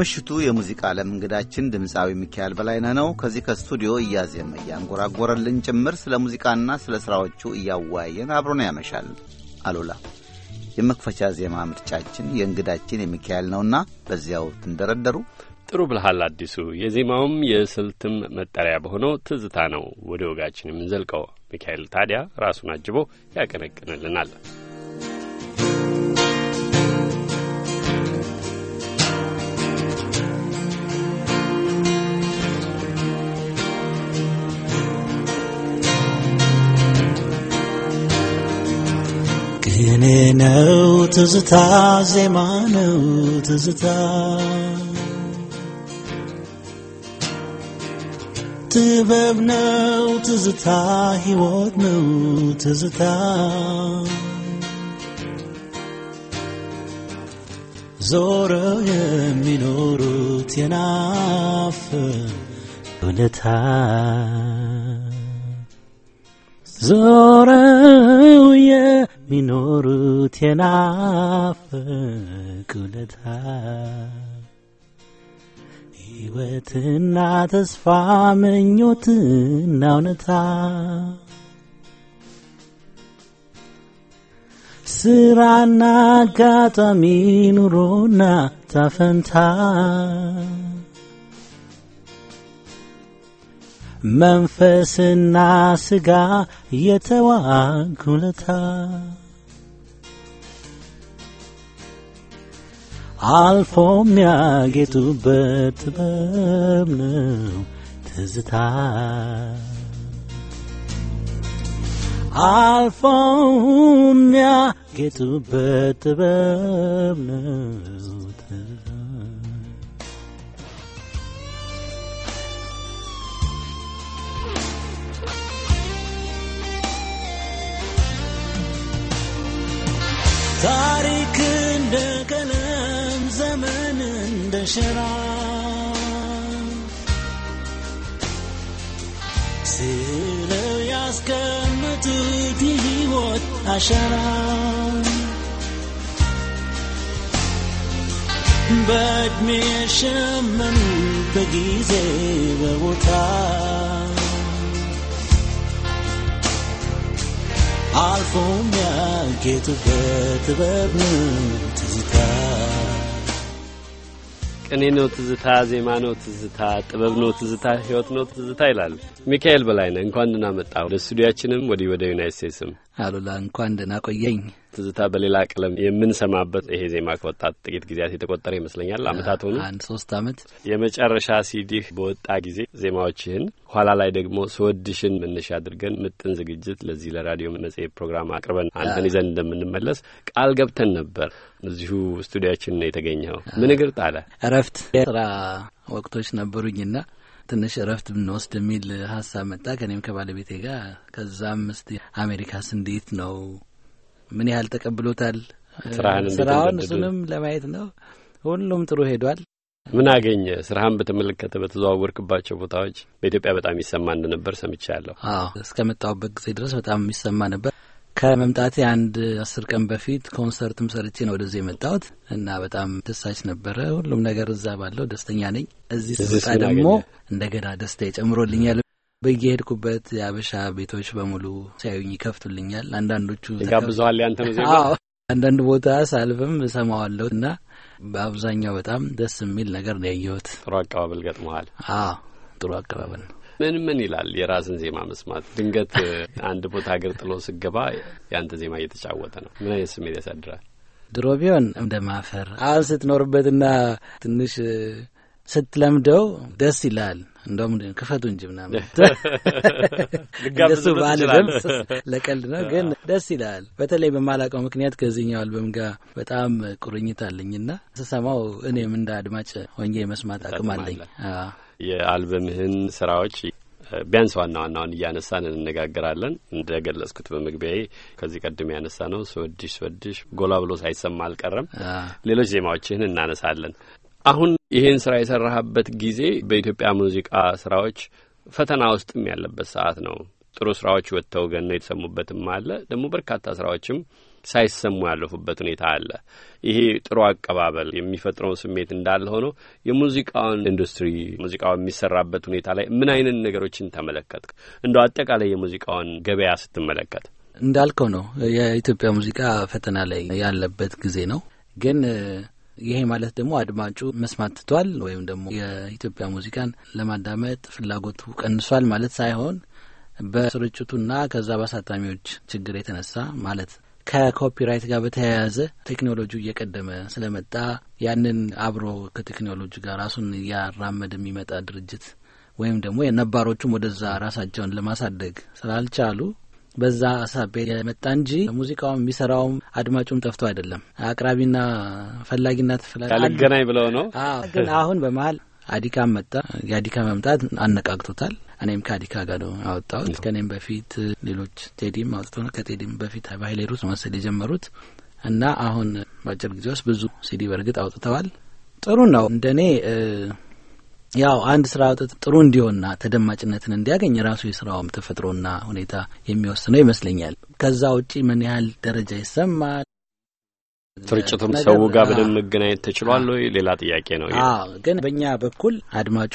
የምሽቱ የሙዚቃ ዓለም እንግዳችን ድምፃዊ ሚካኤል በላይነህ ነው። ከዚህ ከስቱዲዮ እያዜመ እያንጎራጎረልን ጭምር ስለ ሙዚቃና ስለ ሥራዎቹ እያወያየን አብሮን ያመሻል። አሉላ የመክፈቻ ዜማ ምርጫችን የእንግዳችን የሚካኤል ነውና በዚያው ትንደረደሩ። ጥሩ ብልሃል አዲሱ። የዜማውም የስልትም መጠሪያ በሆነው ትዝታ ነው ወደ ወጋችን የምንዘልቀው። ሚካኤል ታዲያ ራሱን አጅቦ ያቀነቅንልናል። ትዝታ ዜማ ነው ትዝታ ጥበብ ነው ትዝታ ሕይወት ነው ትዝታ ዞረው የሚኖሩት የናፍ እውነታ ዞረው የሚኖሩት የናፍቅ ውለታ ሕይወትና ተስፋ ምኞትና እውነታ ስራና አጋጣሚ ኑሮና ታፈንታ መንፈስና ስጋ የተዋጉለታ አልፎ የሚያጌጡበት ጥበብ ነው ትዝታ አልፎ የሚያጌጡበት ጥበብ ነው ታሪክ እንደ ቀለም ዘመን እንደ ሸራ ስለው ያስቀምጡት የሕይወት አሸራ በእድሜ ሸመን በጊዜ በቦታ አልፎም ያጌጡበት ጥበብ ትዝታ። ቅኔ ነው ትዝታ፣ ዜማ ነው ትዝታ፣ ጥበብ ነው ትዝታ፣ ህይወት ነው ትዝታ ይላል ሚካኤል በላይነህ። እንኳን ደህና መጣ ወደ ስቱዲያችንም፣ ወዲህ ወደ ዩናይት ስቴትስም። አሉላ እንኳን ደህና ቆየኝ። ትዝታ በሌላ ቀለም የምንሰማበት ይሄ ዜማ ከወጣት ጥቂት ጊዜያት የተቆጠረ ይመስለኛል። አመታት ሆኑ። አንድ ሶስት አመት የመጨረሻ ሲዲህ በወጣ ጊዜ ዜማዎችህን ኋላ ላይ ደግሞ ስወድሽን መነሻ አድርገን ምጥን ዝግጅት ለዚህ ለራዲዮ መጽሔት ፕሮግራም አቅርበን አንተን ይዘን እንደምንመለስ ቃል ገብተን ነበር። እዚሁ ስቱዲያችን ነው የተገኘኸው። ምን እግር ጣለ? እረፍት የስራ ወቅቶች ነበሩኝና ትንሽ እረፍት ብንወስድ የሚል ሀሳብ መጣ ከኔም ከባለቤቴ ጋር። ከዛም እስቲ አሜሪካስ እንዴት ነው ምን ያህል ተቀብሎታል ስራውን እሱንም ለማየት ነው። ሁሉም ጥሩ ሄዷል። ምን አገኘ? ስራህን በተመለከተ በተዘዋወርክባቸው ቦታዎች በኢትዮጵያ በጣም ይሰማ እንደነበር ሰምቻለሁ። አዎ እስከ ጊዜ ድረስ በጣም የሚሰማ ነበር። ከመምጣቴ አንድ አስር ቀን በፊት ኮንሰርትም ሰርቼ ነው ወደዚህ የመጣሁት እና በጣም ደሳች ነበረ። ሁሉም ነገር እዛ ባለው ደስተኛ ነኝ። እዚህ ስወጣ ደግሞ እንደገና ደስታ ጨምሮልኛል በየሄድኩበት የአበሻ ቤቶች በሙሉ ሲያዩኝ ይከፍቱልኛል። አንዳንዶቹ ጋብዘዋል። ያንተ መዜማ አንዳንድ ቦታ ሳልፍም እሰማዋለሁ እና በአብዛኛው በጣም ደስ የሚል ነገር ነው ያየሁት። ጥሩ አቀባበል ገጥመዋል? አዎ ጥሩ አቀባበል ነው። ምን ምን ይላል የራስን ዜማ መስማት? ድንገት አንድ ቦታ ሀገር ጥሎ ስገባ የአንተ ዜማ እየተጫወተ ነው፣ ምን አይነት ስሜት ያሳድራል? ድሮ ቢሆን እንደ ማፈር አሁን ስትኖርበትና ትንሽ ስትለምደው ደስ ይላል። እንደውም ክፈቱ እንጂ ምናምን እንደሱ በአንድ ለቀልድ ነው፣ ግን ደስ ይላል። በተለይ በማላውቀው ምክንያት ከዚህኛው አልበም ጋር በጣም ቁርኝት አለኝና ስሰማው እኔም እንደ አድማጭ ሆኜ መስማት አቅም አለኝ። የአልበምህን ስራዎች ቢያንስ ዋና ዋናውን እያነሳን እንነጋገራለን። እንደ ገለጽኩት በመግቢያዬ ከዚህ ቀደም ያነሳ ነው ስወድሽ ስወድሽ ጎላ ብሎ ሳይሰማ አልቀረም። ሌሎች ዜማዎችህን እናነሳለን። አሁን ይህን ስራ የሰራህበት ጊዜ በኢትዮጵያ ሙዚቃ ስራዎች ፈተና ውስጥም ያለበት ሰዓት ነው። ጥሩ ስራዎች ወጥተው ገነው የተሰሙበትም አለ። ደግሞ በርካታ ስራዎችም ሳይሰሙ ያለፉበት ሁኔታ አለ። ይሄ ጥሩ አቀባበል የሚፈጥረው ስሜት እንዳለ ሆኖ የሙዚቃውን ኢንዱስትሪ ሙዚቃው የሚሰራበት ሁኔታ ላይ ምን አይነት ነገሮችን ተመለከት? እንደ አጠቃላይ የሙዚቃውን ገበያ ስትመለከት እንዳልከው ነው የኢትዮጵያ ሙዚቃ ፈተና ላይ ያለበት ጊዜ ነው ግን ይሄ ማለት ደግሞ አድማጩ መስማት ትቷል ወይም ደግሞ የኢትዮጵያ ሙዚቃን ለማዳመጥ ፍላጎቱ ቀንሷል ማለት ሳይሆን በስርጭቱና ከዛ በአሳታሚዎች ችግር የተነሳ ማለት ከኮፒራይት ጋር በተያያዘ ቴክኖሎጂ እየቀደመ ስለመጣ ያንን አብሮ ከቴክኖሎጂ ጋር ራሱን እያራመደ የሚመጣ ድርጅት ወይም ደግሞ የነባሮቹም ወደዛ ራሳቸውን ለማሳደግ ስላልቻሉ በዛ አሳቤ የመጣ እንጂ ሙዚቃውም የሚሰራውም አድማጩም ጠፍቶ አይደለም። አቅራቢና ፈላጊና ተፈላጊ ብለው ነው። ግን አሁን በመሀል አዲካም መጣ። የአዲካ መምጣት አነቃቅቶታል። እኔም ከአዲካ ጋር ነው አወጣሁት። ከእኔም በፊት ሌሎች ቴዲም አውጥቶ ከቴዲም በፊት በሀይሌ ሩት መሰል የጀመሩት እና አሁን በአጭር ጊዜ ውስጥ ብዙ ሲዲ በእርግጥ አውጥተዋል። ጥሩ ነው እንደኔ ያው አንድ ስራ አውጥት ጥሩ እንዲሆንና ተደማጭነትን እንዲያገኝ ራሱ የስራውም ተፈጥሮና ሁኔታ የሚወስነው ይመስለኛል። ከዛ ውጪ ምን ያህል ደረጃ ይሰማል፣ ስርጭቱም ሰው ጋር በደንብ መገናኘት ተችሏል ወይ ሌላ ጥያቄ ነው። ግን በእኛ በኩል አድማጩ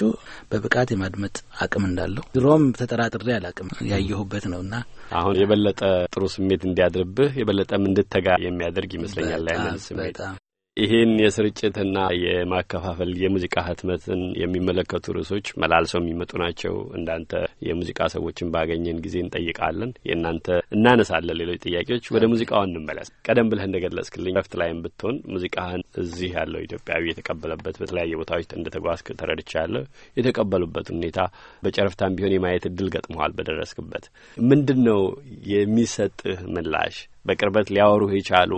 በብቃት የማድመጥ አቅም እንዳለው ድሮም ተጠራጥሬ አላቅም ያየሁበት ነውና አሁን የበለጠ ጥሩ ስሜት እንዲያድርብህ የበለጠም እንድተጋ የሚያደርግ ይመስለኛል። ላይ ስሜት ይህን የስርጭትና የማከፋፈል የሙዚቃ ህትመትን የሚመለከቱ ርዕሶች መላልሰው የሚመጡ ናቸው። እንዳንተ የሙዚቃ ሰዎችን ባገኘን ጊዜ እንጠይቃለን። የእናንተ እናነሳለን ሌሎች ጥያቄዎች። ወደ ሙዚቃው እንመለስ። ቀደም ብለህ እንደገለጽክልኝ ረፍት ላይም ብትሆን ሙዚቃህን እዚህ ያለው ኢትዮጵያዊ የተቀበለበት በተለያየ ቦታዎች እንደተጓዝክ ተረድቻለሁ። የተቀበሉበት ሁኔታ በጨረፍታም ቢሆን የማየት እድል ገጥመዋል። በደረስክበት ምንድን ነው የሚሰጥህ ምላሽ? በቅርበት ሊያወሩ የቻሉ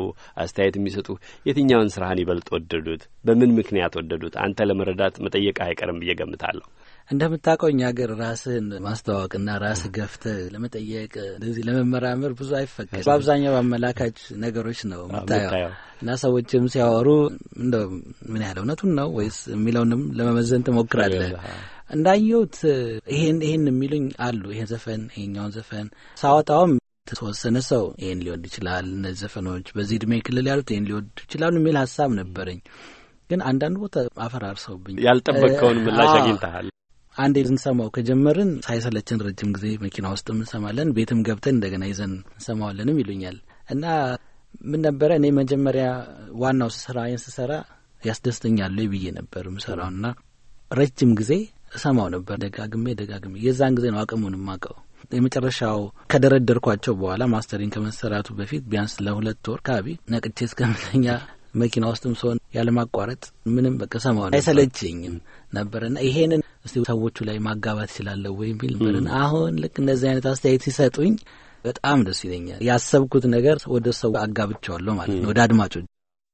አስተያየት የሚሰጡ የትኛውን ስራህን ይበልጥ ወደዱት? በምን ምክንያት ወደዱት? አንተ ለመረዳት መጠየቅ አይቀርም ብዬ ገምታለሁ። እንደምታውቀው እኛ ሀገር ራስህን ማስተዋወቅና ራስህ ገፍተህ ለመጠየቅ እንደዚህ ለመመራመር ብዙ አይፈቀድ። በአብዛኛው አመላካች ነገሮች ነው የምታየው እና ሰዎችም ሲያወሩ እንደ ምን ያህል እውነቱን ነው ወይስ የሚለውንም ለመመዘን ትሞክራለህ። እንዳየሁት ይሄን ይሄን የሚሉኝ አሉ። ይሄን ዘፈን ይሄኛውን ዘፈን ሳወጣውም ተወሰነ ሰው ይህን ሊወድ ይችላል፣ እነዚህ ዘፈኖች በዚህ እድሜ ክልል ያሉት ይህን ሊወድ ይችላሉ የሚል ሀሳብ ነበረኝ። ግን አንዳንድ ቦታ አፈራርሰውብኝ ያልጠበቅከውን ምላሽ አግኝተሃል። አንዴ እንሰማው ከጀመርን ሳይሰለችን ረጅም ጊዜ መኪና ውስጥ እንሰማለን፣ ቤትም ገብተን እንደገና ይዘን እንሰማዋለንም ይሉኛል እና ምን ነበረ እኔ መጀመሪያ ዋናው ስራዬን ስሰራ ያስደስተኛል ብዬ ነበር ምሰራውና ረጅም ጊዜ እሰማው ነበር ደጋግሜ ደጋግሜ። የዛን ጊዜ ነው አቅሙን ማቀው የመጨረሻው ከደረደርኳቸው በኋላ ማስተሪን ከመሰራቱ በፊት ቢያንስ ለሁለት ወር ካቢ ነቅቼ እስከምተኛ መኪና ውስጥም ሲሆን ያለማቋረጥ ምንም በቃ ሰማሁ አይሰለችኝም ነበርና ይሄንን እስቲ ሰዎቹ ላይ ማጋባት ይችላለሁ ወይ የሚል ነበርና አሁን ልክ እንደዚህ አይነት አስተያየት ሲሰጡኝ በጣም ደስ ይለኛል። ያሰብኩት ነገር ወደ ሰው አጋብቸዋለሁ ማለት ነው፣ ወደ አድማጮች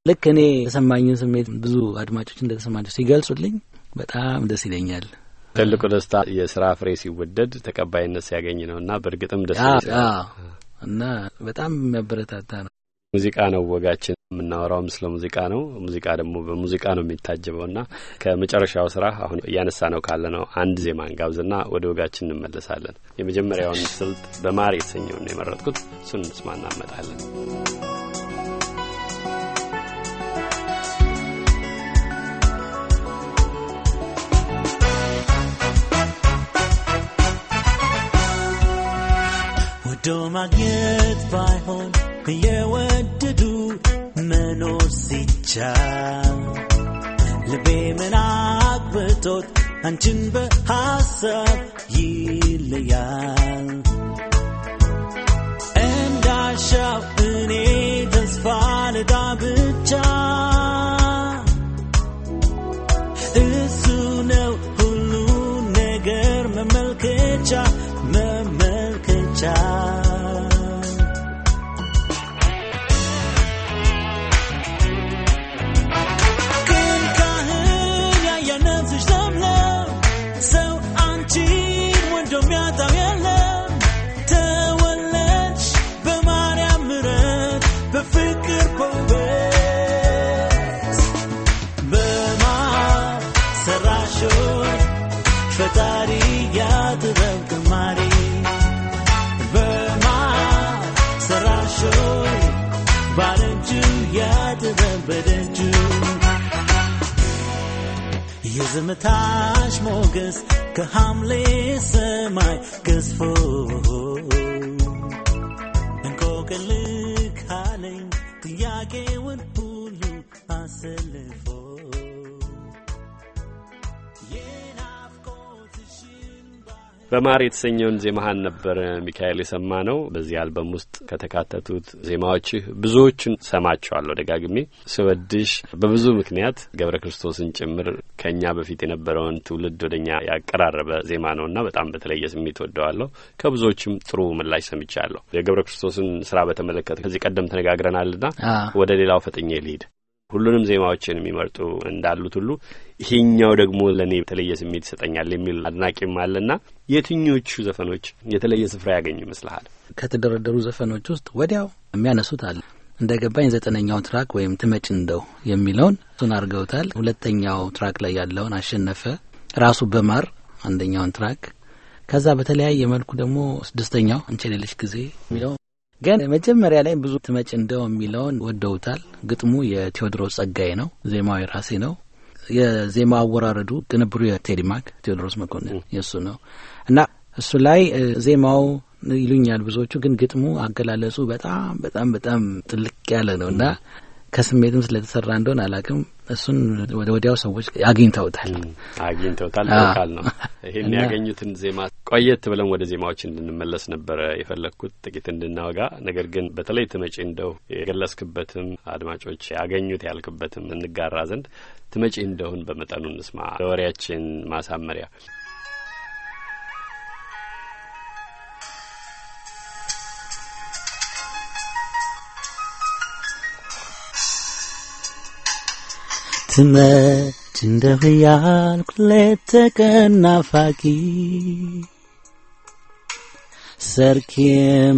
ልክ እኔ የተሰማኝን ስሜት ብዙ አድማጮች እንደተሰማቸው ሲገልጹልኝ በጣም ደስ ይለኛል። ትልቁ ደስታ የስራ ፍሬ ሲወደድ ተቀባይነት ሲያገኝ እና በእርግጥም ደስ እና በጣም የሚያበረታታ ነው። ሙዚቃ ነው ወጋችን። የምናወራውም ስለ ሙዚቃ ነው። ሙዚቃ ደግሞ በሙዚቃ ነው የሚታጀበውና ከመጨረሻው ስራ አሁን እያነሳ ነው ካለ ነው አንድ ዜማ እንጋብዝና ወደ ወጋችን እንመለሳለን። የመጀመሪያውን ስልት በማር የተሰኘውን የመረጥኩት እሱን እንስማ እናመጣለን። Doma get by hon, ye wet to do, meno oh, si cha. Le be menak betot, and chin be hasa, የዝምታሽ ሞገስ ከሐምሌ ሰማይ ገዝፎ እንቆቅልህ ካለኝ ጥያቄውን ሁሉ አሰልፎ በማር የተሰኘውን ዜማህን ነበር ሚካኤል የሰማ ነው። በዚህ አልበም ውስጥ ከተካተቱት ዜማዎችህ ብዙዎቹን ሰማቸዋለሁ ደጋግሜ ስወድሽ በብዙ ምክንያት ገብረ ክርስቶስን ጭምር ከእኛ በፊት የነበረውን ትውልድ ወደ ያቀራረበ ዜማ ነው እና በጣም በተለየ ስሜት ወደዋለሁ። ከብዙዎችም ጥሩ ምላሽ ሰምቻለሁ። የገብረ ክርስቶስን ስራ በተመለከተ ከዚህ ቀደም ተነጋግረናል ና ወደ ሌላው ፈጥኜ ልሂድ። ሁሉንም ዜማዎችን የሚመርጡ እንዳሉት ሁሉ ይሄኛው ደግሞ ለእኔ የተለየ ስሜት ይሰጠኛል የሚል አድናቂም ና የትኞቹ ዘፈኖች የተለየ ስፍራ ያገኙ ይመስልሃል? ከተደረደሩ ዘፈኖች ውስጥ ወዲያው የሚያነሱት አለ እንደ ገባኝ ዘጠነኛው ትራክ ወይም ትመጭ እንደው የሚለውን እሱን አድርገውታል። ሁለተኛው ትራክ ላይ ያለውን አሸነፈ ራሱ በማር አንደኛውን ትራክ ከዛ በተለያየ መልኩ ደግሞ ስድስተኛው እንቸሌለች ጊዜ የሚለው ግን መጀመሪያ ላይ ብዙ ትመጭ እንደው የሚለውን ወደውታል። ግጥሙ የቴዎድሮስ ጸጋዬ ነው፣ ዜማው የራሴ ነው። የዜማ አወራረዱ ቅንብሩ የቴዲማክ ቴዎድሮስ መኮንን የእሱ ነው እና እሱ ላይ ዜማው ይሉኛል ብዙዎቹ፣ ግን ግጥሙ አገላለጹ በጣም በጣም በጣም ጥልቅ ያለ ነው እና ከስሜትም ስለተሰራ እንደሆን አላቅም እሱን ወዲያው ሰዎች አግኝተውታል አግኝተውታል ቃል ነው። ይህን ያገኙትን ዜማ ቆየት ብለን ወደ ዜማዎች እንድንመለስ ነበረ የፈለግኩት ጥቂት እንድናወጋ። ነገር ግን በተለይ ትመጪ እንደው የገለጽክበትም አድማጮች ያገኙት ያልክበትም እንጋራ ዘንድ ትመጪ እንደውን በመጠኑ እንስማ ለወሬያችን ማሳመሪያ ትመች እንደሁ እያልኩ ሌት ተቀን ናፋቂ ሰርኬ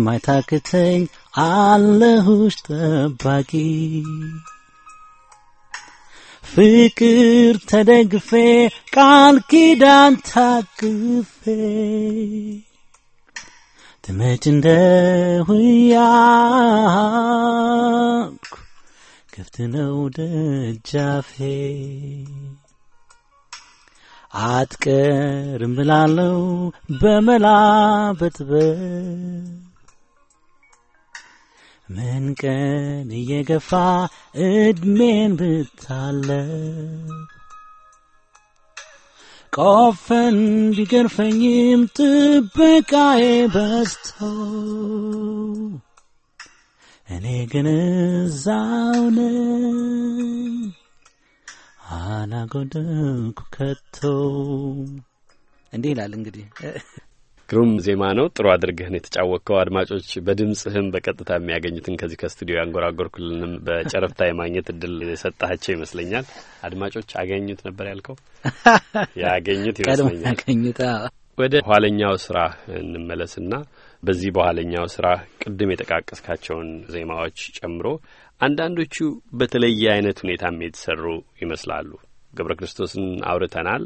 ማይታክተኝ አለሁሽ ጠባቂ ፍቅር ተደግፌ ቃል ኪዳን ታቅፌ ትመጭ እንደሁ እያልኩ ክፍት ነው ደጃፌ አትቀርም ምላለው በመላ በጥበብ ምን ቀን እየገፋ እድሜን ብታለ ቆፈን ቢገርፈኝም ጥበቃዬ በስተው እኔ ግን እዛው ነኝ ከቶ እንዲህ ይላል። እንግዲህ ግሩም ዜማ ነው። ጥሩ አድርገህን የተጫወቅከው። አድማጮች በድምፅህም በቀጥታ የሚያገኙትን ከዚህ ከስቱዲዮ ያንጎራጎርኩልንም በጨረፍታ የማግኘት እድል የሰጣቸው ይመስለኛል። አድማጮች አገኙት ነበር ያልከው፣ ያገኙት ይመስለኛል። ወደ ኋለኛው ስራ እንመለስና በዚህ በኋለኛው ስራ ቅድም የጠቃቀስካቸውን ዜማዎች ጨምሮ አንዳንዶቹ በተለየ አይነት ሁኔታም የተሰሩ ይመስላሉ። ገብረ ክርስቶስን አውርተናል።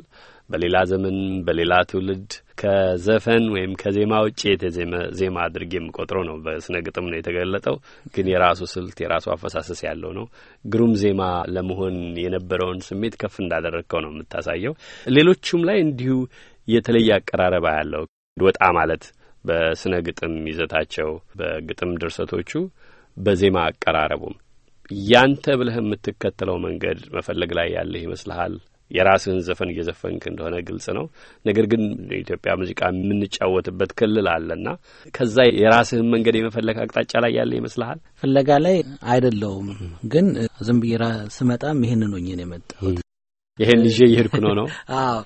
በሌላ ዘመን በሌላ ትውልድ ከዘፈን ወይም ከዜማ ውጭ የተዜመ ዜማ አድርጌ የምቆጥረው ነው። በስነ ግጥም ነው የተገለጠው፣ ግን የራሱ ስልት የራሱ አፈሳሰስ ያለው ነው። ግሩም ዜማ ለመሆን የነበረውን ስሜት ከፍ እንዳደረግከው ነው የምታሳየው። ሌሎቹም ላይ እንዲሁ የተለየ አቀራረባ ያለው ወጣ ማለት በስነ ግጥም ይዘታቸው፣ በግጥም ድርሰቶቹ፣ በዜማ አቀራረቡም ያንተ ብለህ የምትከተለው መንገድ መፈለግ ላይ ያለህ ይመስልሃል። የራስህን ዘፈን እየዘፈንክ እንደሆነ ግልጽ ነው። ነገር ግን የኢትዮጵያ ሙዚቃ የምንጫወትበት ክልል አለና ከዛ የራስህን መንገድ የመፈለግ አቅጣጫ ላይ ያለ ይመስልሃል? ፍለጋ ላይ አይደለውም፣ ግን ዝም ብዬ ስመጣም ይህን ሆኜ ነው የመጣሁት። ይህን ይዤ እየሄድኩ ነው ነው። አዎ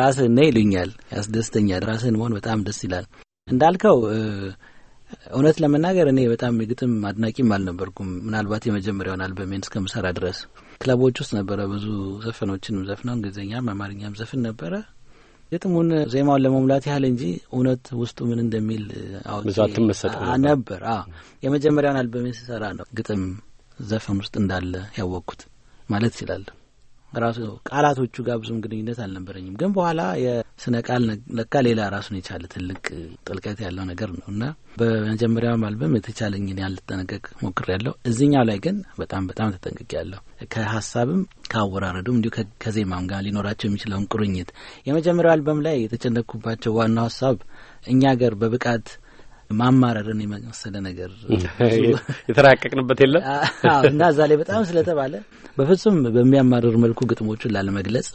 ራስህን ነህ ይሉኛል። ያስደስተኛል። ራስህን መሆን በጣም ደስ ይላል። እንዳልከው እውነት ለመናገር እኔ በጣም ግጥም አድናቂም አልነበርኩም። ምናልባት የመጀመሪያውን አልበሜን እስከምሰራ ድረስ ክለቦች ውስጥ ነበረ ብዙ ዘፈኖችንም ዘፍነው እንግሊዝኛም አማርኛም ዘፍን ነበረ። ግጥሙን ዜማውን ለመሙላት ያህል እንጂ እውነት ውስጡ ምን እንደሚል ብዛትም ነበር። የመጀመሪያውን አልበሜን ስሰራ ነው ግጥም ዘፈን ውስጥ እንዳለ ያወቅኩት ማለት ይችላለሁ። ራሱ ቃላቶቹ ጋር ብዙም ግንኙነት አልነበረኝም። ግን በኋላ የስነ ቃል ለካ ሌላ ራሱን የቻለ ትልቅ ጥልቀት ያለው ነገር ነው እና በመጀመሪያውም አልበም የተቻለኝን ያህል ልጠነቀቅ ሞክሬያለሁ። እዚኛው ላይ ግን በጣም በጣም ተጠንቅቄያለሁ። ከሀሳብም ከአወራረዱም እንዲሁ ከዜማም ጋር ሊኖራቸው የሚችለውን ቁርኝት የመጀመሪያው አልበም ላይ የተጨነቅኩባቸው ዋናው ሀሳብ እኛ ገር በብቃት ማማረርን የመሰለ ነገር የተራቀቅንበት የለም እና እዛ ላይ በጣም ስለተባለ በፍጹም በሚያማርር መልኩ ግጥሞቹን ላለመግለጽ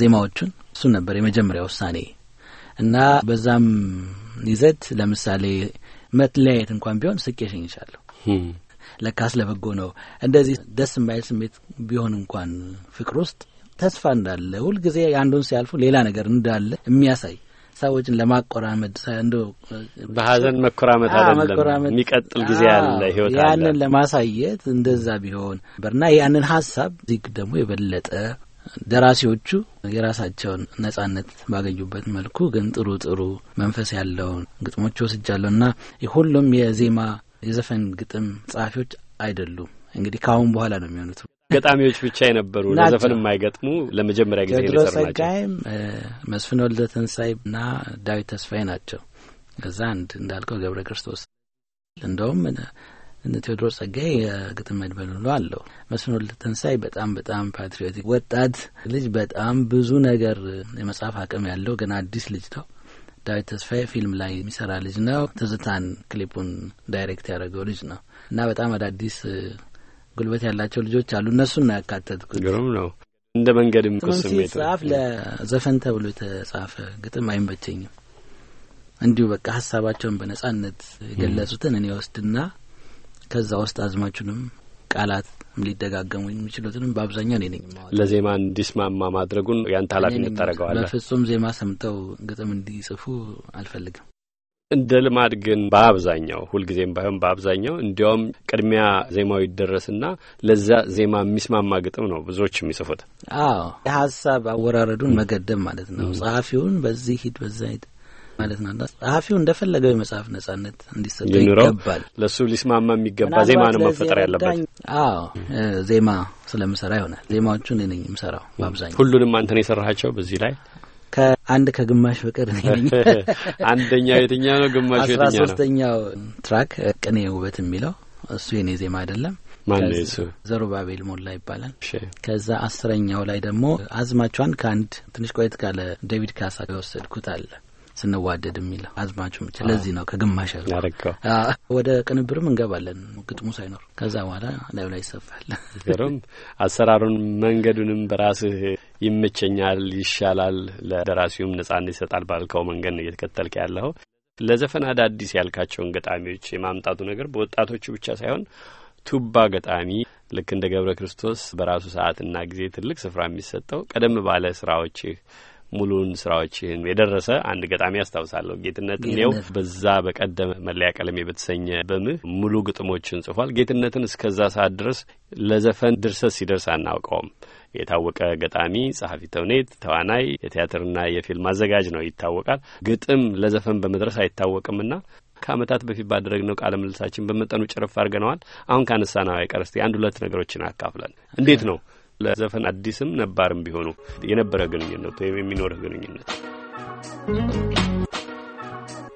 ዜማዎቹን እሱን ነበር የመጀመሪያ ውሳኔ እና በዛም ይዘት ለምሳሌ መትለያየት እንኳን ቢሆን ስቄ ሸኝቻለሁ። ለካስ ለበጎ ነው። እንደዚህ ደስ የማይል ስሜት ቢሆን እንኳን ፍቅር ውስጥ ተስፋ እንዳለ ሁልጊዜ አንዱን ሲያልፉ ሌላ ነገር እንዳለ የሚያሳይ ሰዎችን ለማቆራመድ እንዶ በሀዘን መኮራመድ አይደለም፣ የሚቀጥል ጊዜ አለ፣ ህይወት አለ። ያንን ለማሳየት እንደዛ ቢሆን ነበርና ያንን ሀሳብ እዚህ ደግሞ የበለጠ ደራሲዎቹ የራሳቸውን ነጻነት ባገኙበት መልኩ ግን ጥሩ ጥሩ መንፈስ ያለውን ግጥሞች ወስጃለሁ እና ሁሉም የዜማ የዘፈን ግጥም ጸሐፊዎች አይደሉም። እንግዲህ ከአሁን በኋላ ነው የሚሆኑት። ገጣሚዎች ብቻ የነበሩ ለዘፈን የማይገጥሙ ለመጀመሪያ ጊዜ ቴዎድሮስ ጸጋይም መስፍን ወልደ ትንሳኤ እና ዳዊት ተስፋዬ ናቸው። እዛ አንድ እንዳልከው ገብረ ክርስቶስ እንደውም ቴዎድሮስ ጸጋዬ የግጥም መድበል ብሎ አለው። መስፍን ወልደ ትንሳኤ በጣም በጣም ፓትሪዮቲክ ወጣት ልጅ፣ በጣም ብዙ ነገር የመጽሐፍ አቅም ያለው ግን አዲስ ልጅ ነው። ዳዊት ተስፋዬ ፊልም ላይ የሚሰራ ልጅ ነው። ትዝታን ክሊፑን ዳይሬክት ያደረገው ልጅ ነው እና በጣም አዳዲስ ጉልበት ያላቸው ልጆች አሉ። እነሱን ነው ያካተትኩት። ግሩም ነው። እንደ መንገድም ቁስሜት ለዘፈን ተብሎ የተጻፈ ግጥም አይመቸኝም። እንዲሁ በቃ ሀሳባቸውን በነጻነት የገለጹትን እኔ ወስድና ከዛ ውስጥ አዝማቹንም ቃላት ሊደጋገሙ የሚችሉትንም በአብዛኛው እኔ ነኝ። ለዜማ እንዲስማማ ማድረጉን ያንተ ኃላፊነት ታደርገዋለህ። በፍጹም ዜማ ሰምተው ግጥም እንዲጽፉ አልፈልግም። እንደ ልማድ ግን በአብዛኛው ሁልጊዜም ባይሆን በአብዛኛው እንዲያውም ቅድሚያ ዜማው ይደረስና ለዛ ዜማ የሚስማማ ግጥም ነው ብዙዎች የሚጽፉት። አዎ የሀሳብ አወራረዱን መገደብ ማለት ነው። ጸሐፊውን በዚህ ሂድ በዛ ሂድ ማለት ነው። ጸሐፊው እንደፈለገው የመጽሐፍ ነጻነት እንዲሰጠው ይገባል። ለእሱ ሊስማማ የሚገባ ዜማ ነው መፈጠር ያለበት። አዎ ዜማ ስለምሰራ ይሆናል። ዜማዎቹን እኔ ነኝ የምሰራው በአብዛኛው። ሁሉንም አንተ ነው የሰራሃቸው በዚህ ላይ ከአንድ ከግማሽ ፍቅር ነኝ። አንደኛው የትኛው ነው? ግማሽ ነው? አስራ ሶስተኛው ትራክ ቅኔ ውበት የሚለው እሱ የኔ ዜማ አይደለም። ማነሱ ዘሩባቤል ሞላ ይባላል። ከዛ አስረኛው ላይ ደግሞ አዝማቿን ከአንድ ትንሽ ቆየት ካለ ዴቪድ ካሳ የወሰድኩት አለ ስንዋደድ የሚል አዝማቹም ስለዚህ ነው ከግማሽ ያደረገው። ወደ ቅንብርም እንገባለን ግጥሙ ሳይኖር ከዛ በኋላ ላዩ ላይ ይሰፋል። ግሩም አሰራሩን መንገዱንም በራስህ ይመቸኛል፣ ይሻላል፣ ለደራሲውም ነጻነት ይሰጣል ባልከው መንገድ ነው እየተከተልከ ያለኸው። ለዘፈን አዳዲስ ያልካቸውን ገጣሚዎች የማምጣቱ ነገር በወጣቶቹ ብቻ ሳይሆን ቱባ ገጣሚ ልክ እንደ ገብረ ክርስቶስ በራሱ ሰዓትና ጊዜ ትልቅ ስፍራ የሚሰጠው ቀደም ባለ ስራዎችህ ሙሉን ስራዎችህን የደረሰ አንድ ገጣሚ ያስታውሳለሁ። ጌትነት እንዲያው በዛ በቀደም መለያ ቀለሜ በተሰኘ በምህ ሙሉ ግጥሞችን ጽፏል። ጌትነትን እስከዛ ሰዓት ድረስ ለዘፈን ድርሰት ሲደርስ አናውቀውም። የታወቀ ገጣሚ፣ ጸሐፊ ተውኔት፣ ተዋናይ፣ የቲያትርና የፊልም አዘጋጅ ነው ይታወቃል። ግጥም ለዘፈን በመድረስ አይታወቅምና ከአመታት በፊት ባደረግነው ቃለ ምልልሳችን በመጠኑ ጨረፍ አድርገነዋል። አሁን ካነሳ ነው አይቀር እስቲ አንድ ሁለት ነገሮችን አካፍለን እንዴት ነው ለዘፈን አዲስም ነባርም ቢሆኑ የነበረ ግንኙነት ወይም የሚኖርህ ግንኙነት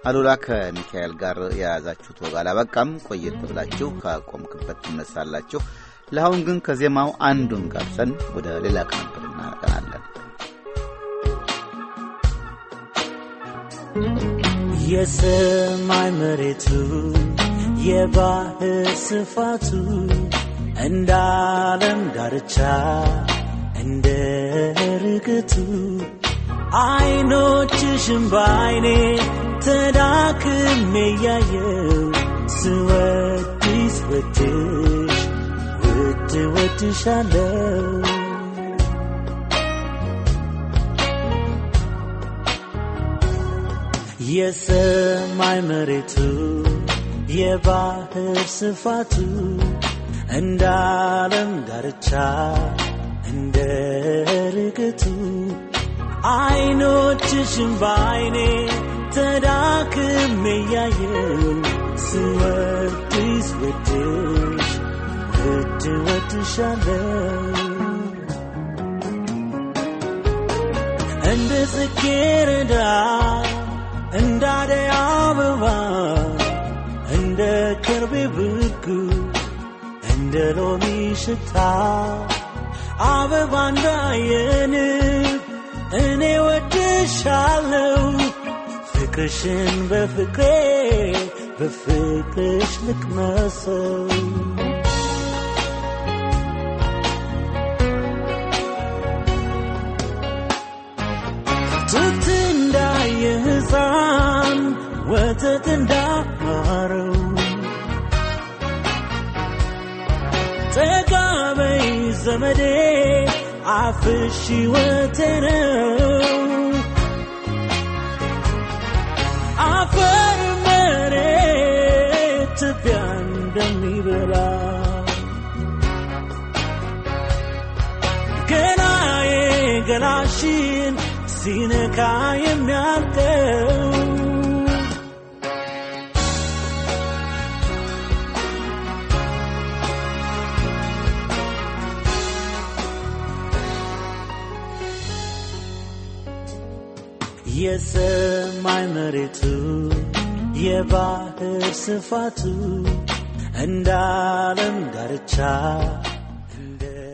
አሉላ ከሚካኤል ጋር የያዛችሁት ወግ አላበቃም። ቆየት ብላችሁ ከቆምክበት ትነሳላችሁ። ለአሁን ግን ከዜማው አንዱን ጋብሰን ወደ ሌላ ቅንብር እናቀናለን። የሰማይ መሬቱ የባህር ስፋቱ እንደ ዓለም ዳርቻ እንደ ርግቱ አይኖችሽም በአይኔ ተዳክሜ ያየው ስወድስ ወድሽ ውድ ወድሻለው የሰማይ መሬቱ የባህር ስፋቱ እንደ ዓለም ዳርቻ እንደ ርግቱ አይኖችሽን በአይኔ ተዳክሜ እያየው ስወድሽ ወድሽ ወድ ወድሻለሁ እንደ ጽጌረዳ እንደ አበባ እንደ ከርቤ ብጉ እንደ ሎሚ ሽታ አበባ እንዳየን እኔ ወድሻለው ፍቅርሽን በፍቅሬ በፍቅርሽ ልቅመሰው ጡት እንዳየ ሕፃን ወተት እንዳማረው ዘመዴ አፍሽ ሕይወቴ ነው አፈር መሬት ትቢያ እንደሚበላ ገላዬ ገላሽን ሲነካ የሚያልቀው የሰማይ መሬቱ የባህር ስፋቱ እንደ ዳርቻ